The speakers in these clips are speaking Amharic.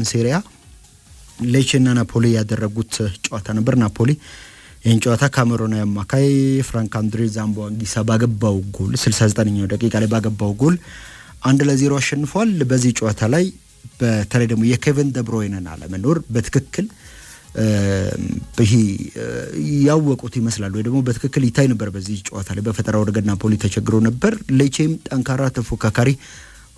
ያለበትን ሴሪያ ሌቼና ናፖሊ ያደረጉት ጨዋታ ነበር። ናፖሊ ይህን ጨዋታ ካሜሮናዊ አማካይ ፍራንክ አንድሬ ዛምቦዋንጊሳ ባገባው ጎል 69ኛው ደቂቃ ላይ ባገባው ጎል አንድ ለዜሮ አሸንፏል። በዚህ ጨዋታ ላይ በተለይ ደግሞ የኬቨን ደብሮይነን አለመኖር በትክክል ይሄ ያወቁት ይመስላል ወይ ደግሞ በትክክል ይታይ ነበር። በዚህ ጨዋታ ላይ በፈጠራው ረገድ ናፖሊ ተቸግሮ ነበር። ሌቼም ጠንካራ ተፎካካሪ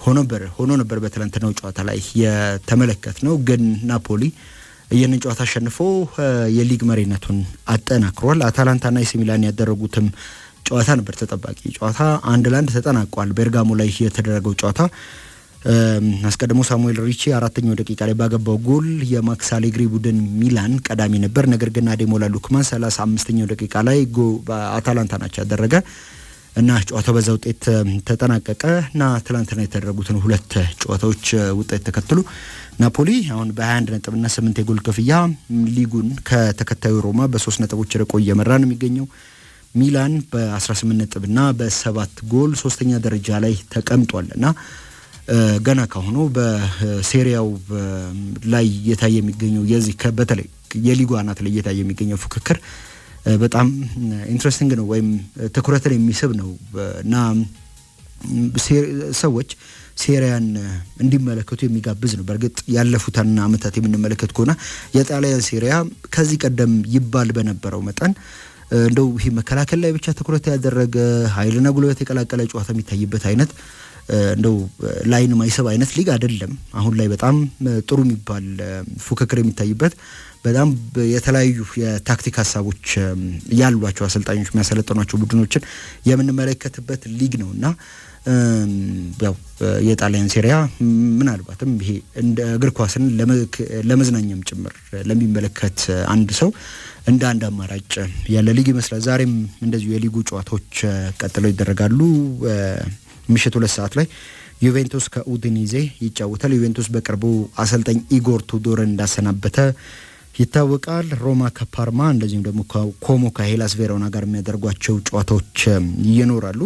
ሆኖ ነበር ሆኖ ነበር በትላንትናው ጨዋታ ላይ የተመለከት ነው። ግን ናፖሊ ይህንን ጨዋታ አሸንፎ የሊግ መሪነቱን አጠናክሯል። አታላንታና ኤሲ ሚላን ያደረጉትም ጨዋታ ነበር ተጠባቂ ጨዋታ፣ አንድ ለአንድ ተጠናቋል። ቤርጋሞ ላይ የተደረገው ጨዋታ አስቀድሞ ሳሙኤል ሪቺ አራተኛው ደቂቃ ላይ ባገባው ጎል የማክስ አሌግሪ ቡድን ሚላን ቀዳሚ ነበር። ነገር ግን አዴሞላ ሉክማን ሰላሳ አምስተኛው ደቂቃ ላይ አታላንታ ናቸው ያደረገ እና ጨዋታው በዛ ውጤት ተጠናቀቀ እና ትላንትና የተደረጉትን ሁለት ጨዋታዎች ውጤት ተከትሎ ናፖሊ አሁን በ21 ነጥብና 8 የጎል ክፍያ ሊጉን ከተከታዩ ሮማ በ3 ነጥቦች ርቆ እየመራ ነው የሚገኘው። ሚላን በ18 ነጥብና በሰባት ጎል ሶስተኛ ደረጃ ላይ ተቀምጧል እና ገና ካሁኑ በሴሪያው ላይ እየታየ የሚገኘው የዚህ በተለይ የሊጉ አናት ላይ እየታየ የሚገኘው ፉክክር በጣም ኢንትረስቲንግ ነው ወይም ትኩረትን የሚስብ ነው እና ሰዎች ሴሪያን እንዲመለከቱ የሚጋብዝ ነው። በእርግጥ ያለፉትና ዓመታት የምንመለከት ከሆነ የጣሊያን ሴሪያ ከዚህ ቀደም ይባል በነበረው መጠን እንደው ይህ መከላከል ላይ ብቻ ትኩረት ያደረገ ኃይልና ጉልበት የቀላቀለ ጨዋታ የሚታይበት አይነት እንደው ላይን ማይሰብ አይነት ሊግ አይደለም። አሁን ላይ በጣም ጥሩ የሚባል ፉክክር የሚታይበት በጣም የተለያዩ የታክቲክ ሀሳቦች ያሏቸው አሰልጣኞች የሚያሰለጠኗቸው ቡድኖችን የምንመለከትበት ሊግ ነው እና ያው የጣሊያን ሴሪያ ምናልባትም ይሄ እንደ እግር ኳስን ለመዝናኛም ጭምር ለሚመለከት አንድ ሰው እንደ አንድ አማራጭ ያለ ሊግ ይመስላል። ዛሬም እንደዚሁ የሊጉ ጨዋታዎች ቀጥለው ይደረጋሉ። ምሽት ሁለት ሰዓት ላይ ዩቬንቱስ ከኡድኒዜ ይጫወታል። ዩቬንቱስ በቅርቡ አሰልጣኝ ኢጎር ቱዶር እንዳሰናበተ ይታወቃል። ሮማ ከፓርማ እንደዚሁም ደግሞ ኮሞ ከሄላስ ቬሮና ጋር የሚያደርጓቸው ጨዋታዎች ይኖራሉ።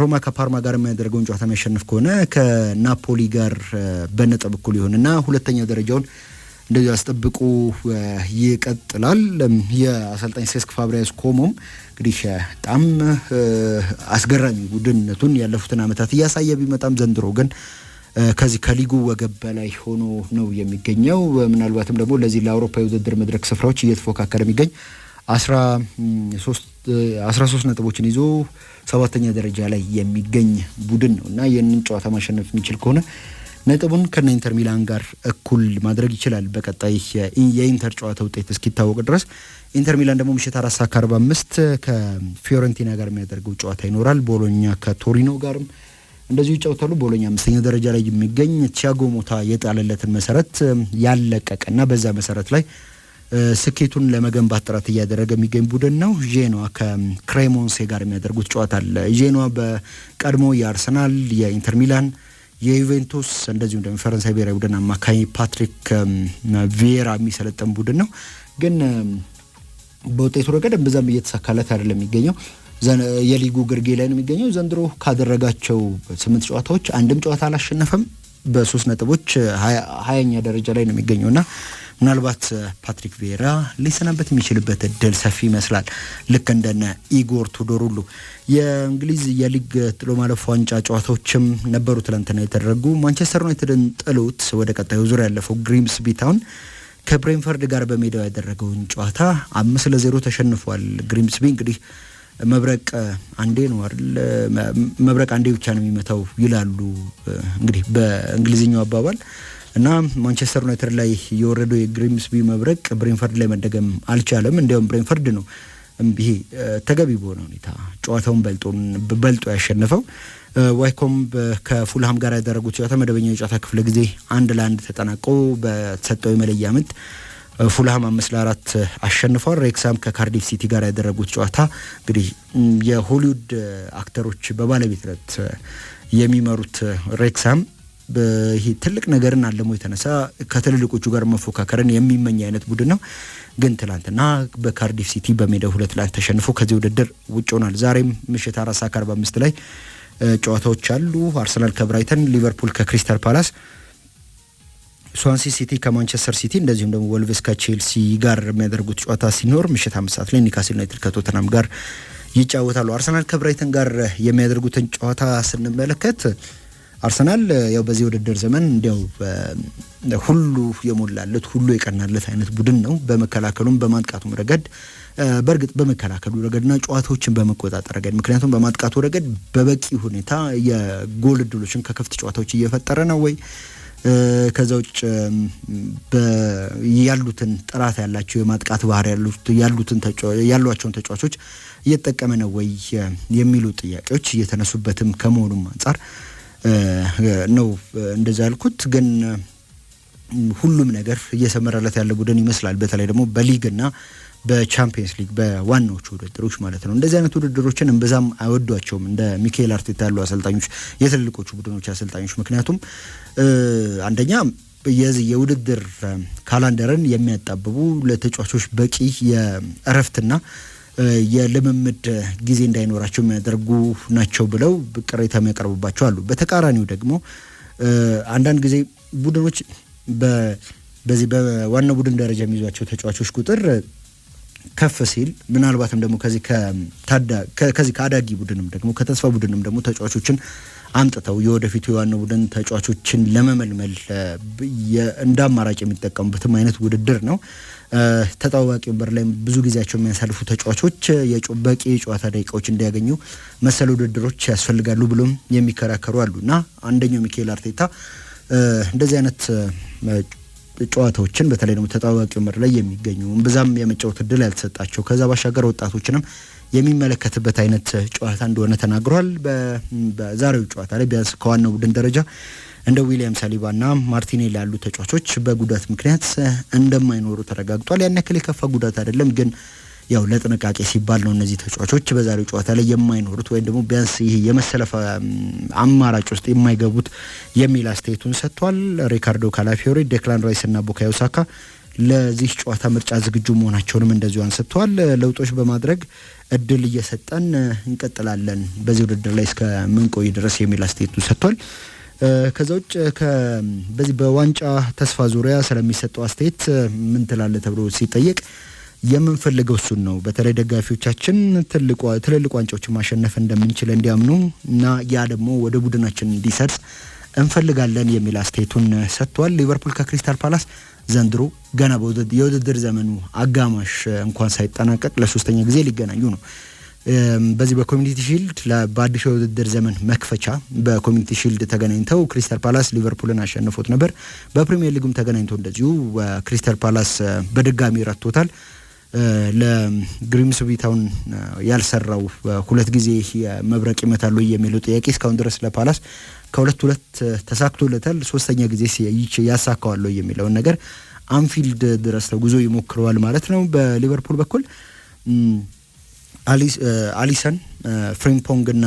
ሮማ ከፓርማ ጋር የሚያደርገውን ጨዋታ የሚያሸንፍ ከሆነ ከናፖሊ ጋር በነጥብ እኩል ይሆንና ሁለተኛው ደረጃውን እንደዚ ያስጠብቁ ይቀጥላል። የአሰልጣኝ ሴስክ ፋብሪያስ ኮሞም እንግዲህ በጣም አስገራሚ ቡድንነቱን ያለፉትን አመታት እያሳየ ቢመጣም ዘንድሮ ግን ከዚህ ከሊጉ ወገብ በላይ ሆኖ ነው የሚገኘው። ምናልባትም ደግሞ ለዚህ ለአውሮፓ የውድድር መድረክ ስፍራዎች እየተፎካከረ የሚገኝ አስራ ሶስት ነጥቦችን ይዞ ሰባተኛ ደረጃ ላይ የሚገኝ ቡድን ነው እና ይህንን ጨዋታ ማሸነፍ የሚችል ከሆነ ነጥቡን ከነ ኢንተር ሚላን ጋር እኩል ማድረግ ይችላል በቀጣይ የኢንተር ጨዋታ ውጤት እስኪታወቅ ድረስ። ኢንተር ሚላን ደግሞ ምሽት አራት ሰዓት ከአርባ አምስት ከፊዮረንቲና ጋር የሚያደርገው ጨዋታ ይኖራል። ቦሎኛ ከቶሪኖ ጋርም እንደዚሁ ይጫወታሉ። ቦሎኛ አምስተኛ ደረጃ ላይ የሚገኝ ቲያጎ ሞታ የጣለለትን መሰረት ያለቀቀና በዛ መሰረት ላይ ስኬቱን ለመገንባት ጥረት እያደረገ የሚገኝ ቡድን ነው። ዤኖዋ ከክሬሞንሴ ጋር የሚያደርጉት ጨዋታ አለ። ዤኖዋ በቀድሞ የአርሰናል የኢንተር ሚላን የዩቬንቱስ እንደዚሁም ደግሞ የፈረንሳይ ብሔራዊ ቡድን አማካኝ ፓትሪክ ቪዬራ የሚሰለጠን ቡድን ነው። ግን በውጤቱ ረገድ እምብዛም እየተሳካለት አይደለም የሚገኘው የሊጉ ግርጌ ላይ ነው የሚገኘው። ዘንድሮ ካደረጋቸው ስምንት ጨዋታዎች አንድም ጨዋታ አላሸነፈም። በሶስት ነጥቦች ሀያኛ ደረጃ ላይ ነው የሚገኘው እና ምናልባት ፓትሪክ ቬራ ሊሰናበት የሚችልበት እድል ሰፊ ይመስላል። ልክ እንደነ ኢጎር ቱዶር ሁሉ የእንግሊዝ የሊግ ጥሎ ማለፍ ዋንጫ ጨዋታዎችም ነበሩ ትላንትና የተደረጉ። ማንቸስተር ዩናይትድን ጥሎት ወደ ቀጣዩ ዙር ያለፈው ግሪምስቢ ታውን ከብሬንፈርድ ጋር በሜዳው ያደረገውን ጨዋታ አምስት ለዜሮ ተሸንፏል። ግሪምስቢ እንግዲህ መብረቅ አንዴ ነው አይደል? መብረቅ አንዴ ብቻ ነው የሚመታው ይላሉ እንግዲህ በእንግሊዝኛው አባባል እና ማንቸስተር ዩናይትድ ላይ የወረደው የግሪምስቢ መብረቅ ብሬንፈርድ ላይ መደገም አልቻለም። እንዲያውም ብሬንፈርድ ነው ይሄ ተገቢ በሆነ ሁኔታ ጨዋታውን በልጦ ያሸነፈው። ዋይኮም ከፉልሃም ጋር ያደረጉት ጨዋታ መደበኛ የጨዋታ ክፍለ ጊዜ አንድ ለአንድ ተጠናቆ በተሰጠው የመለያ ምት ፉልሃም አምስት ለአራት አሸንፏል። ሬክሳም ከካርዲፍ ሲቲ ጋር ያደረጉት ጨዋታ እንግዲህ የሆሊውድ አክተሮች በባለቤትነት የሚመሩት ሬክሳም ይሄ ትልቅ ነገርን አለሞ የተነሳ ከትልልቆቹ ጋር መፎካከርን የሚመኝ አይነት ቡድን ነው። ግን ትላንትና በካርዲፍ ሲቲ በሜዳው ሁለት ላንድ ተሸንፎ ከዚህ ውድድር ውጭ ሆናል። ዛሬም ምሽት አራት ሰዓት ከአርባ አምስት ላይ ጨዋታዎች አሉ። አርሰናል ከብራይተን፣ ሊቨርፑል ከክሪስታል ፓላስ፣ ስዋንሲ ሲቲ ከማንቸስተር ሲቲ እንደዚሁም ደግሞ ወልቭስ ከቼልሲ ጋር የሚያደርጉት ጨዋታ ሲኖር ምሽት አምስት ሰዓት ላይ ኒካስል ዩናይትድ ከቶተናም ጋር ይጫወታሉ። አርሰናል ከብራይተን ጋር የሚያደርጉትን ጨዋታ ስንመለከት አርሰናል ያው በዚህ ውድድር ዘመን እንዲያው ሁሉ የሞላለት ሁሉ የቀናለት አይነት ቡድን ነው። በመከላከሉም በማጥቃቱም ረገድ በእርግጥ በመከላከሉ ረገድና ጨዋታዎችን በመቆጣጠር ረገድ ምክንያቱም በማጥቃቱ ረገድ በበቂ ሁኔታ የጎል እድሎችን ከክፍት ጨዋታዎች እየፈጠረ ነው ወይ ከዛ ውጭ ያሉትን ጥራት ያላቸው የማጥቃት ባህር ያሉትን ያሏቸውን ተጫዋቾች እየተጠቀመ ነው ወይ የሚሉ ጥያቄዎች እየተነሱበትም ከመሆኑም አንጻር ነው እንደዛ ያልኩት። ግን ሁሉም ነገር እየሰመረለት ያለ ቡድን ይመስላል። በተለይ ደግሞ በሊግ እና በቻምፒየንስ ሊግ በዋናዎቹ ውድድሮች ማለት ነው። እንደዚህ አይነት ውድድሮችን እምብዛም አይወዷቸውም እንደ ሚካኤል አርቴታ ያሉ አሰልጣኞች፣ የትልልቆቹ ቡድኖች አሰልጣኞች። ምክንያቱም አንደኛ የዚህ የውድድር ካላንደርን የሚያጣብቡ ለተጫዋቾች በቂ የእረፍትና የልምምድ ጊዜ እንዳይኖራቸው የሚያደርጉ ናቸው ብለው ቅሬታ የሚያቀርቡባቸው አሉ። በተቃራኒው ደግሞ አንዳንድ ጊዜ ቡድኖች በዚህ በዋና ቡድን ደረጃ የሚይዟቸው ተጫዋቾች ቁጥር ከፍ ሲል ምናልባትም ደግሞ ከዚህ ከዚህ ከአዳጊ ቡድንም ደግሞ ከተስፋ ቡድንም ደግሞ ተጫዋቾችን አምጥተው የወደፊቱ የዋና ቡድን ተጫዋቾችን ለመመልመል እንደ አማራጭ የሚጠቀሙበትም አይነት ውድድር ነው። ተጠባባቂ ወንበር ላይ ብዙ ጊዜያቸው የሚያሳልፉ ተጫዋቾች በቂ የጨዋታ ደቂቃዎች እንዲያገኙ መሰል ውድድሮች ያስፈልጋሉ ብሎም የሚከራከሩ አሉ እና አንደኛው ሚካኤል አርቴታ እንደዚህ አይነት ጨዋታዎችን በተለይ ደግሞ ተጠባባቂ ወንበር ላይ የሚገኙ ብዛም የመጫወት እድል ያልተሰጣቸው ከዛ ባሻገር ወጣቶችንም የሚመለከትበት አይነት ጨዋታ እንደሆነ ተናግሯል። በዛሬው ጨዋታ ላይ ቢያንስ ከዋናው ቡድን ደረጃ እንደ ዊሊያም ሳሊባና ማርቲኔል ያሉ ተጫዋቾች በጉዳት ምክንያት እንደማይኖሩ ተረጋግጧል። ያን ያክል የከፋ ጉዳት አይደለም፣ ግን ያው ለጥንቃቄ ሲባል ነው እነዚህ ተጫዋቾች በዛሬው ጨዋታ ላይ የማይኖሩት ወይም ደግሞ ቢያንስ ይህ የመሰለፍ አማራጭ ውስጥ የማይገቡት የሚል አስተያየቱን ሰጥቷል። ሪካርዶ ካላፊዮሪ፣ ዴክላን ራይስ እና ቡካዮ ሳካ ለዚህ ጨዋታ ምርጫ ዝግጁ መሆናቸውንም እንደዚሁ አንስተዋል። ለውጦች በማድረግ እድል እየሰጠን እንቀጥላለን በዚህ ውድድር ላይ ምንቆይ ድረስ የሚል አስተያየቱን ሰጥቷል። ከዛ ውጭ በዚህ በዋንጫ ተስፋ ዙሪያ ስለሚሰጠው አስተያየት ምን ትላለ ተብሎ ሲጠየቅ የምንፈልገው እሱን ነው። በተለይ ደጋፊዎቻችን ትልልቅ ዋንጫዎችን ማሸነፍ እንደምንችል እንዲያምኑ እና ያ ደግሞ ወደ ቡድናችን እንዲሰርጽ እንፈልጋለን የሚል አስተያየቱን ሰጥቷል። ሊቨርፑል ከክሪስታል ፓላስ ዘንድሮ ገና የውድድር ዘመኑ አጋማሽ እንኳን ሳይጠናቀቅ ለሶስተኛ ጊዜ ሊገናኙ ነው። በዚህ በኮሚኒቲ ሺልድ በአዲሱ የውድድር ዘመን መክፈቻ በኮሚኒቲ ሺልድ ተገናኝተው ክሪስታል ፓላስ ሊቨርፑልን አሸንፎት ነበር። በፕሪሚየር ሊጉም ተገናኝተው እንደዚሁ ክሪስታል ፓላስ በድጋሚ ረቶታል። ለግሪምስቢ ታውን ያልሰራው ሁለት ጊዜ መብረቅ ይመታሉ የሚለው ጥያቄ እስካሁን ድረስ ለፓላስ ከሁለት ሁለት ተሳክቶለታል። ሶስተኛ ጊዜ ይች ያሳካዋለሁ የሚለውን ነገር አንፊልድ ድረስ ተጉዞ ይሞክረዋል ማለት ነው። በሊቨርፑል በኩል አሊሰን ፍሪምፖንግ እና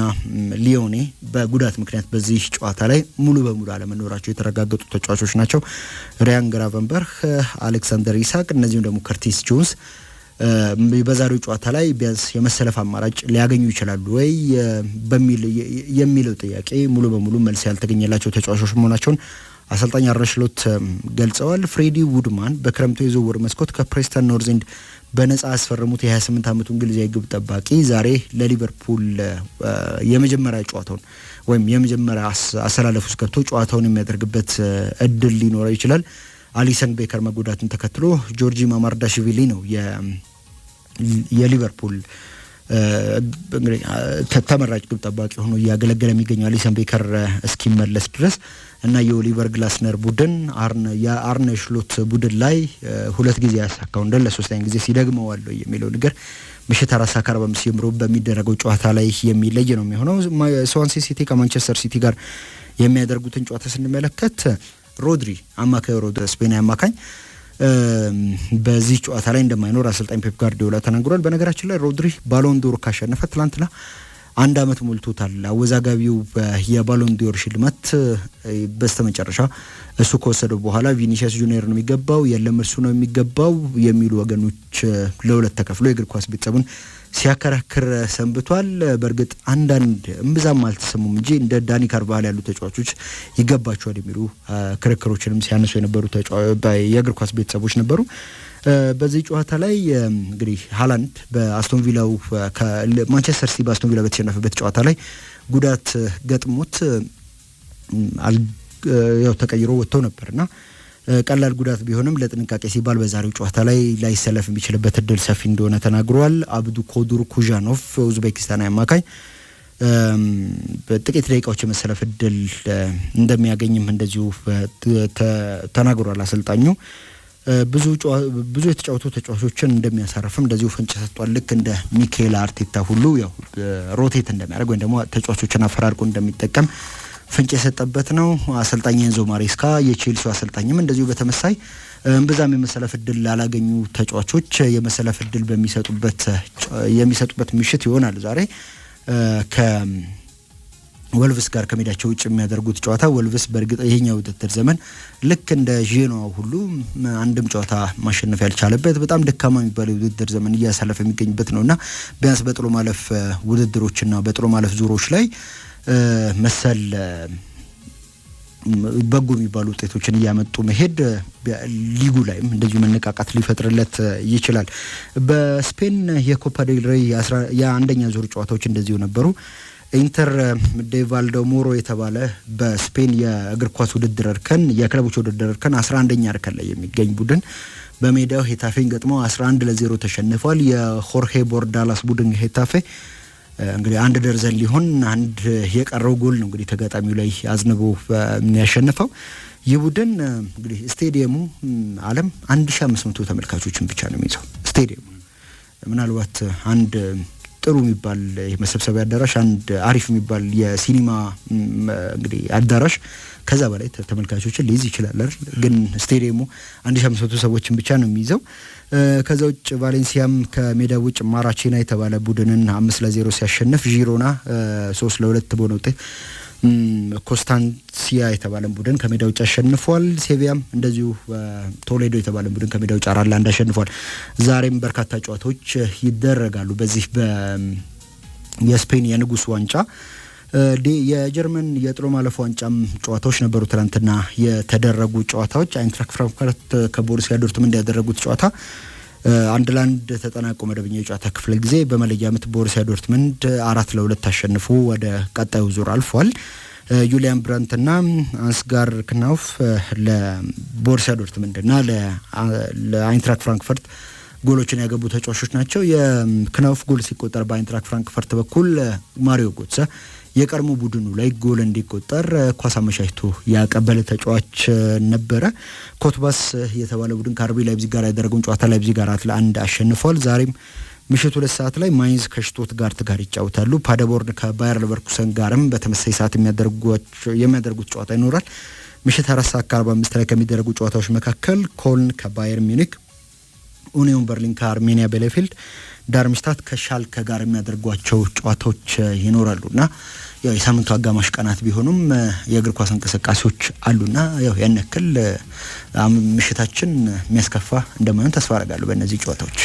ሊዮኔ በጉዳት ምክንያት በዚህ ጨዋታ ላይ ሙሉ በሙሉ አለመኖራቸው የተረጋገጡ ተጫዋቾች ናቸው። ሪያን ግራቨንበርህ፣ አሌክሳንደር ኢሳቅ እነዚሁም ደግሞ ከርቲስ ጆንስ በዛሬው ጨዋታ ላይ ቢያንስ የመሰለፍ አማራጭ ሊያገኙ ይችላሉ ወይ በሚል የሚለው ጥያቄ ሙሉ በሙሉ መልስ ያልተገኘላቸው ተጫዋቾች መሆናቸውን አሰልጣኝ አርነ ስሎት ገልጸዋል። ፍሬዲ ውድማን በክረምቱ የዝውውር መስኮት ከፕሬስተን ኖርዚንድ በነፃ ያስፈረሙት የ28 ዓመቱ እንግሊዛዊ ግብ ጠባቂ ዛሬ ለሊቨርፑል የመጀመሪያ ጨዋታውን ወይም የመጀመሪያ አሰላለፍ ውስጥ ገብቶ ጨዋታውን የሚያደርግበት እድል ሊኖረው ይችላል። አሊሰን ቤከር መጎዳትን ተከትሎ ጆርጂ ማማርዳሽቪሊ ነው የሊቨርፑል እንግዲህ ተመራጭ ግብ ጠባቂ ሆኖ እያገለገለ የሚገኘዋል አሊሰን ቤከር እስኪመለስ ድረስ እና የኦሊቨር ግላስነር ቡድን የአርነ ሽሎት ቡድን ላይ ሁለት ጊዜ ያሳካው እንደለ ሶስተኛ ጊዜ ሲደግመዋለሁ የሚለው ነገር ምሽት አራት ሰዓት ከአርባ አምስት ጀምሮ በሚደረገው ጨዋታ ላይ የሚለይ ነው የሚሆነው። ስዋንሲ ሲቲ ከማንቸስተር ሲቲ ጋር የሚያደርጉትን ጨዋታ ስንመለከት ሮድሪ አማካይ ሮድ ስፔናዊ አማካኝ በዚህ ጨዋታ ላይ እንደማይኖር አሰልጣኝ ፔፕ ጋርዲዮላ ተናግሯል። በነገራችን ላይ ሮድሪ ባሎንዶር ካሸነፈ ትላንትና አንድ አመት ሞልቶታል። አወዛጋቢው የባሎንዶር ሽልማት በስተመጨረሻ እሱ ከወሰደው በኋላ ቪኒሽስ ጁኒየር ነው የሚገባው፣ የለም እሱ ነው የሚገባው የሚሉ ወገኖች ለሁለት ተከፍሎ የእግር ኳስ ቤተሰቡን ሲያከራክር ሰንብቷል። በእርግጥ አንዳንድ እምብዛም አልተሰሙም እንጂ እንደ ዳኒ ካርቫሃል ያሉ ተጫዋቾች ይገባቸዋል የሚሉ ክርክሮችንም ሲያነሱ የነበሩ የእግር ኳስ ቤተሰቦች ነበሩ። በዚህ ጨዋታ ላይ እንግዲህ ሃላንድ በአስቶንቪላው ማንቸስተር ሲቲ በአስቶንቪላ በተሸነፈበት ጨዋታ ላይ ጉዳት ገጥሞት ያው ተቀይሮ ወጥተው ነበርና ቀላል ጉዳት ቢሆንም ለጥንቃቄ ሲባል በዛሬው ጨዋታ ላይ ላይሰለፍ የሚችልበት እድል ሰፊ እንደሆነ ተናግረዋል። አብዱ ኮዱር ኩዣኖቭ ኡዝቤኪስታናዊ አማካኝ በጥቂት ደቂቃዎች የመሰለፍ እድል እንደሚያገኝም እንደዚሁ ተናግሯል። አሰልጣኙ ብዙ የተጫወቱ ተጫዋቾችን እንደሚያሳርፍም እንደዚሁ ፍንጭ ሰጥቷል። ልክ እንደ ሚካኤል አርቴታ ሁሉ ያው ሮቴት እንደሚያደርግ ወይም ደግሞ ተጫዋቾችን አፈራርቆ እንደሚጠቀም ፍንጭ የሰጠበት ነው። አሰልጣኝ ኤንዞ ማሬስካ የቼልሲው አሰልጣኝም እንደዚሁ በተመሳይ እምብዛም የመሰለፍ እድል ላላገኙ ተጫዋቾች የመሰለፍ እድል በሚሰጡበት የሚሰጡበት ምሽት ይሆናል ዛሬ ወልቭስ ጋር ከሜዳቸው ውጭ የሚያደርጉት ጨዋታ። ወልቭስ በእርግጥ ይሄኛው ውድድር ዘመን ልክ እንደ ዤኖዋ ሁሉ አንድም ጨዋታ ማሸነፍ ያልቻለበት በጣም ደካማ የሚባል ውድድር ዘመን እያሳለፈ የሚገኝበት ነው እና ቢያንስ በጥሎ ማለፍ ውድድሮችና በጥሎ ማለፍ ዙሮች ላይ መሰል በጎ የሚባሉ ውጤቶችን እያመጡ መሄድ ሊጉ ላይም እንደዚሁ መነቃቃት ሊፈጥርለት ይችላል። በስፔን የኮፓ ዴል ሬይ የአንደኛ ዙር ጨዋታዎች እንደዚሁ ነበሩ። ኢንተር ዴ ቫልደሞሮ የተባለ በስፔን የእግር ኳስ ውድድር እርከን የክለቦች ውድድር እርከን 11ኛ እርከን ላይ የሚገኝ ቡድን በሜዳው ሄታፌን ገጥሞ 11 ለዜሮ ተሸንፏል። የሆርሄ ቦርዳላስ ቡድን ሄታፌ እንግዲህ አንድ ደርዘን ሊሆን አንድ የቀረው ጎል ነው እንግዲህ ተጋጣሚው ላይ አዝንቦ የሚያሸንፈው ይህ ቡድን እንግዲህ ስቴዲየሙ አለም አንድ ሺ አምስት መቶ ተመልካቾችን ብቻ ነው የሚይዘው ስቴዲየሙ ምናልባት አንድ ጥሩ የሚባል መሰብሰቢያ አዳራሽ፣ አንድ አሪፍ የሚባል የሲኒማ እንግዲህ አዳራሽ ከዛ በላይ ተመልካቾችን ሊይዝ ይችላል ግን ስቴዲየሙ 1500 ሰዎችን ብቻ ነው የሚይዘው። ከዛ ውጭ ቫሌንሲያም ከሜዳ ውጭ ማራቼና የተባለ ቡድንን አምስት ለዜሮ ሲያሸንፍ ዢሮና ሶስት ለሁለት በሆነ ውጤት ኮስታንሲያ የተባለን ቡድን ከሜዳ ውጭ አሸንፏል። ሴቪያም እንደዚሁ ቶሌዶ የተባለን ቡድን ከሜዳ ውጭ አራላንድ አሸንፏል። ዛሬም በርካታ ጨዋታዎች ይደረጋሉ በዚህ የስፔን የንጉስ ዋንጫ የጀርመን የጥሎ ማለፍ ዋንጫም ጨዋታዎች ነበሩ። ትናንትና የተደረጉ ጨዋታዎች አይንትራክ ፍራንክፈርት ከቦሩሲያ ዶርትሙንድ ያደረጉት ጨዋታ አንድ ለአንድ ተጠናቆ መደበኛ የጨዋታ ክፍለ ጊዜ በመለያ ምት ቦሩሲያ ዶርትመንድ አራት ለሁለት አሸንፎ ወደ ቀጣዩ ዙር አልፏል። ዩሊያን ብራንትና አንስጋር ክናውፍ ለቦሩሲያ ና ለአይንትራክ ፍራንክፈርት ጎሎችን ያገቡ ተጫዋቾች ናቸው። የክናውፍ ጎል ሲቆጠር በአይንትራክ ፍራንክፈርት በኩል ማሪዮ ጎትሰ የቀድሞ ቡድኑ ላይ ጎል እንዲቆጠር ኳስ አመሻሽቶ ያቀበለ ተጫዋች ነበረ። ኮትባስ የተባለ ቡድን ከአርቢ ላይፕዚግ ጋር ያደረገውን ጨዋታ ላይፕዚግ አራት ለአንድ አሸንፏል። ዛሬም ምሽት ሁለት ሰዓት ላይ ማይንዝ ከሽቶት ጋር ትጋር ይጫወታሉ። ፓደቦርን ከባየር ሌቨርኩሰን ጋርም በተመሳሳይ ሰዓት የሚያደርጉት ጨዋታ ይኖራል። ምሽት አራት ሰዓት ከአርባ አምስት ላይ ከሚደረጉ ጨዋታዎች መካከል ኮልን ከባየር ሚኒክ፣ ኡኒዮን በርሊን ከአርሜኒያ ቤሌፊልድ ዳርምስታት ከሻልከ ጋር የሚያደርጓቸው ጨዋታዎች ይኖራሉና ያው የሳምንቱ አጋማሽ ቀናት ቢሆኑም የእግር ኳስ እንቅስቃሴዎች አሉና ያው ያን ያክል ምሽታችን የሚያስከፋ እንደማይሆን ተስፋ አረጋለሁ በእነዚህ ጨዋታዎች።